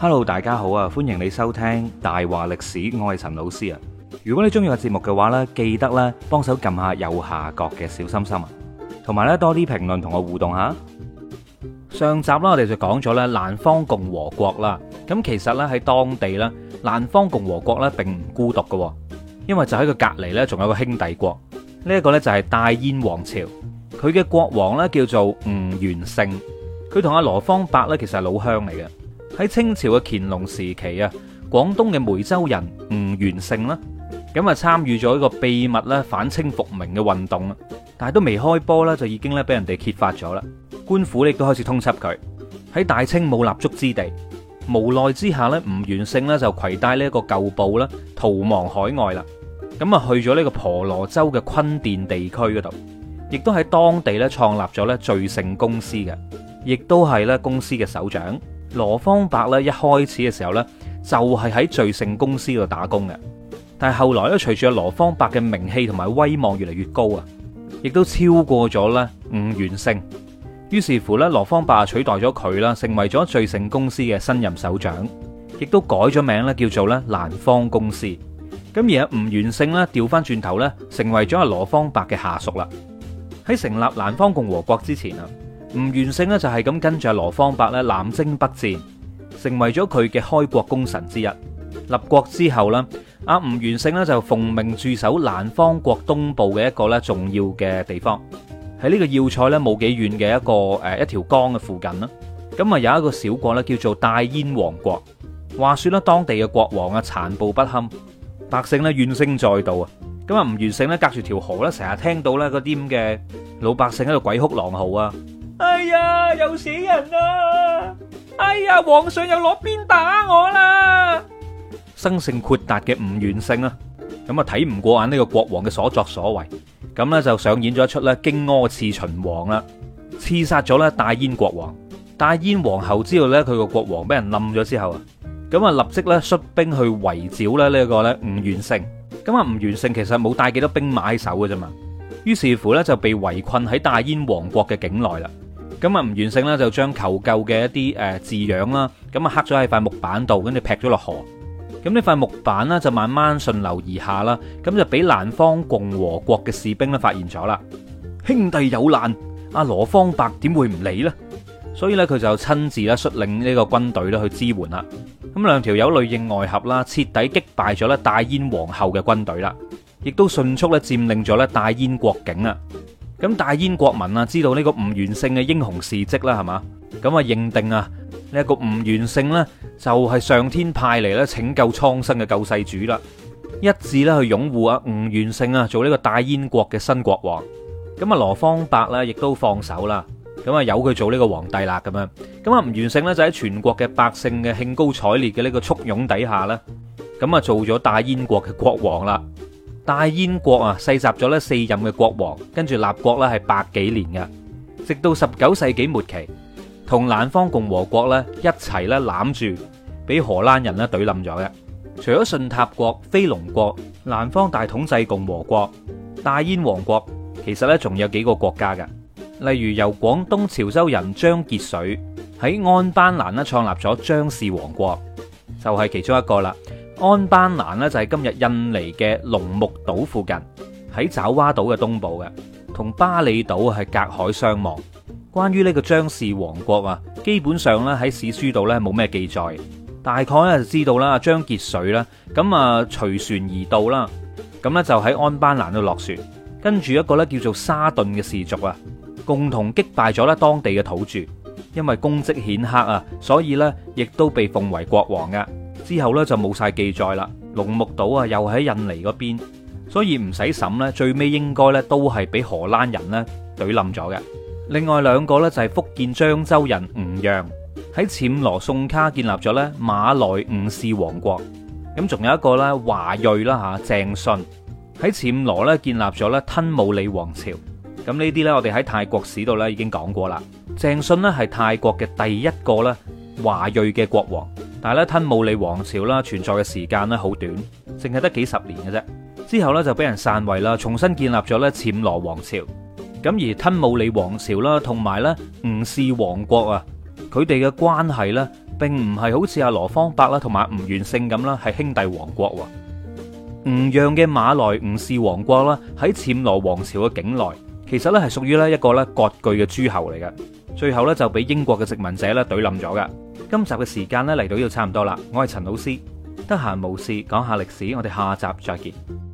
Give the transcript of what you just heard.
Hello，大家好啊！歡迎你收聽大話歷史，我係陳老師啊。如果你中意個節目嘅話呢，記得咧幫手撳下右下角嘅小心心啊，同埋咧多啲評論同我互動下。上集啦，我哋就講咗咧南方共和國啦。咁其實呢，喺當地呢，南方共和國呢並唔孤獨噶，因為就喺佢隔籬呢，仲有一個兄弟國呢一、這個咧就係戴燕王朝，佢嘅國王呢叫做吳元盛，佢同阿羅芳伯呢，其實係老鄉嚟嘅。喺清朝嘅乾隆時期啊，廣東嘅梅州人吳元盛啦，咁啊參與咗一個秘密咧反清復明嘅運動啊，但係都未開波啦，就已經咧俾人哋揭發咗啦，官府亦都開始通緝佢，喺大清冇立足之地，無奈之下咧，吳元盛呢就攜帶呢一個舊部啦，逃亡海外啦，咁啊去咗呢個婆羅洲嘅坤甸地區嗰度，亦都喺當地咧創立咗咧聚盛公司嘅，亦都係咧公司嘅首長。羅芳伯咧，一開始嘅時候呢，就係喺聚盛公司度打工嘅。但係後來咧，隨住羅芳伯嘅名氣同埋威望越嚟越高啊，亦都超過咗咧吳元盛。於是乎咧，羅芳伯取代咗佢啦，成為咗聚盛公司嘅新任首長，亦都改咗名咧，叫做咧蘭芳公司。咁而家吳元盛咧，調翻轉頭咧，成為咗阿羅芳伯嘅下屬啦。喺成立蘭芳共和國之前啊。吳元勝咧就係咁跟住阿羅芳伯咧南征北戰，成為咗佢嘅開國功臣之一。立國之後呢，阿吳元勝咧就奉命駐守南方國東部嘅一個咧重要嘅地方，喺呢個要塞咧冇幾遠嘅一個誒一條江嘅附近啦。咁啊有一個小國呢，叫做戴燕王國。話說咧當地嘅國王啊殘暴不堪，百姓呢怨聲載道啊。咁啊吳元勝呢隔住條河咧成日聽到咧嗰啲咁嘅老百姓喺度鬼哭狼嚎啊！哎呀，又死人啦！哎呀，皇上又攞鞭打我啦！生性豁達嘅吳元勝啊，咁啊睇唔過眼呢個國王嘅所作所為，咁呢就上演咗一出咧荊軻刺秦王啦，刺殺咗咧戴燕國王。戴燕皇后知道咧佢個國王俾人冧咗之後啊，咁啊立即咧率兵去圍剿咧呢個咧吳元勝。咁啊吳元勝其實冇帶幾多兵馬喺手㗎啫嘛，於是乎咧就被圍困喺戴燕王國嘅境內啦。咁啊，吳元勝呢，就將求救嘅一啲誒字樣啦，咁啊刻咗喺塊木板度，跟住劈咗落河。咁呢塊木板呢，就慢慢順流而下啦，咁就俾南方共和國嘅士兵咧發現咗啦。兄弟有難，阿、啊、羅芳伯點會唔理呢？」所以咧，佢就親自咧率領呢個軍隊咧去支援啦。咁兩條友裡應外合啦，徹底擊敗咗咧戴燕皇后嘅軍隊啦，亦都迅速咧佔領咗咧戴燕國境啊！咁大燕國民啊，知道呢個吳元盛嘅英雄事蹟啦，係嘛？咁啊認定啊呢一個吳元盛呢，就係上天派嚟咧拯救蒼生嘅救世主啦，一致咧去擁護啊吳元盛啊做呢個大燕國嘅新國王。咁啊羅方伯啦，亦都放手啦，咁啊由佢做呢個皇帝啦咁樣。咁啊吳元盛呢，就喺全國嘅百姓嘅興高采烈嘅呢個簇擁底下呢，咁啊做咗大燕國嘅國王啦。大燕國啊，世襲咗咧四任嘅國王，跟住立國咧係百幾年嘅，直到十九世紀末期，同南方共和國咧一齊咧攬住，俾荷蘭人咧懟冧咗嘅。除咗信塔國、飛龍國、南方大統制共和國、大燕王國，其實咧仲有幾個國家嘅，例如由廣東潮州人張傑水喺安班蘭咧創立咗張氏王國，就係其中一個啦。安班蘭咧就係今日印尼嘅龍目島附近，喺爪哇島嘅東部嘅，同巴里島係隔海相望。關於呢個張氏王國啊，基本上咧喺史書度咧冇咩記載，大概咧就知道啦。張傑水啦，咁啊隨船而到啦，咁咧就喺安班蘭度落船，跟住一個咧叫做沙頓嘅氏族啊，共同擊敗咗咧當地嘅土著，因為功績顯赫啊，所以咧亦都被奉為國王嘅。之後咧就冇晒記載啦，龍目島啊又喺印尼嗰邊，所以唔使審呢，最尾應該咧都係俾荷蘭人咧懟冧咗嘅。另外兩個咧就係福建漳州人吳陽喺暹羅宋卡建立咗咧馬來吳氏王國，咁仲有一個咧華裔啦吓鄭信喺暹羅咧建立咗咧吞武里王朝，咁呢啲咧我哋喺泰國史度咧已經講過啦。鄭信咧係泰國嘅第一個咧華裔嘅國王。但係咧，吞武里王朝啦存在嘅時間咧好短，淨係得幾十年嘅啫。之後咧就俾人篡位啦，重新建立咗咧暹羅王朝。咁而吞武里王朝啦同埋咧吳氏王國啊，佢哋嘅關係咧並唔係好似阿羅芳伯啦同埋吳元盛咁啦，係兄弟王國喎。吳恙嘅馬來吳氏王國啦喺暹羅王朝嘅境內，其實咧係屬於咧一個咧割據嘅諸侯嚟嘅，最後咧就俾英國嘅殖民者咧隊冧咗㗎。今集嘅時間呢嚟到就差唔多啦，我係陳老師，得閒無事講下歷史，我哋下集再見。